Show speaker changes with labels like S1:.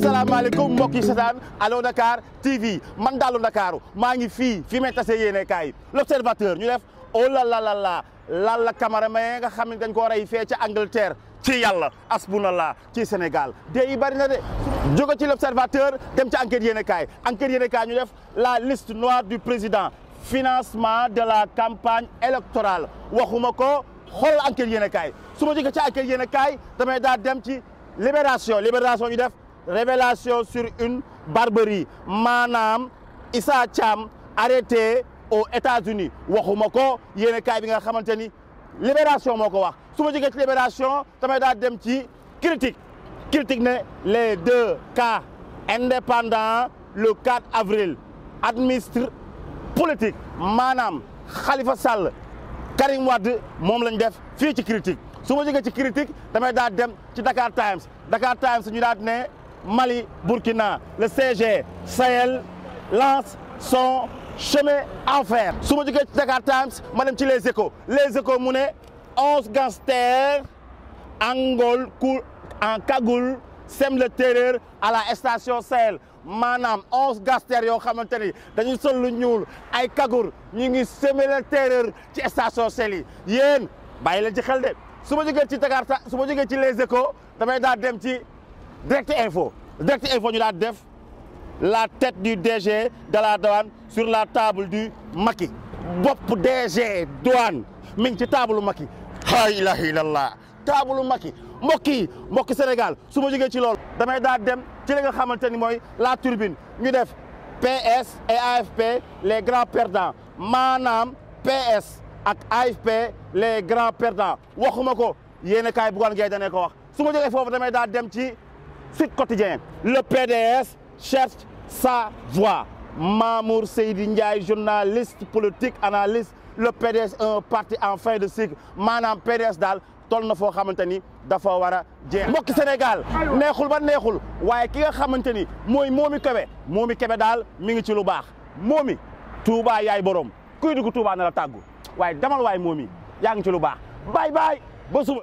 S1: Salam Allo Dakar TV l'observateur ñu def oh la la la la nga dañ ko Angleterre ci Sénégal yi bari na ci l'observateur dem enquête la liste noire du président financement de la campagne électorale waxuma ko xol enquête yene kay suma ci enquête libération libération ñu révélation sur une barbarie Manam Issa Cham arrêté aux États-Unis Je yene yéen pas bi nga libération moko ko wax su ma libération damay dem critique critique ne les deux cas indépendants le 4 avril administre politique Manam Khalifa Sal Karim Wade mom lañ def fi ci critique su ma ci critique vous dem ci Dakar Times Dakar Times ñu Mali, Burkina, le CG, Sahel lance son chemin en fer Si vous Dakar Times les Échos les Échos 11 gangsters angol en cagoule sèment le terreur à la station Sahel Manam, 11 gangsters et xamante dañu ñuul ay cagoule ngi le terreur ci station Sahel yi de les Échos direct info direct info ñu daal def la tête du DG de la douane sur la table du Macky Bop DG douane mi ngi ci table Macky la ilaha illallah table Macky mbokk Moki, mbokk Sénégal su ma jógee ci loolu damay daal dem ci nga ni la turbine ñu def PS et AFP les grands perdants Manam, PS ak AFP les grands perdants waxuma yene kay a kaay Bougane Gueye ko wax suma ma fofu damay da dem ci Sud Quotidien, le PDS cherche sa voix. Mamour Seydi Ndiaye, journaliste politique, analyste, le PDS un parti en fin de cycle Manam PDS dal toll na foo xamante dafa wara a mbok Sénégal neexul ba neexul waye ki nga xamanteni moy momi Kébé momi Kébé dal mi ngi ci lu bax momi Touba yaay borom kuy dugg Touba na la tàggu waye damal waye momi yaa ngi ci lu bax bye bye ba suba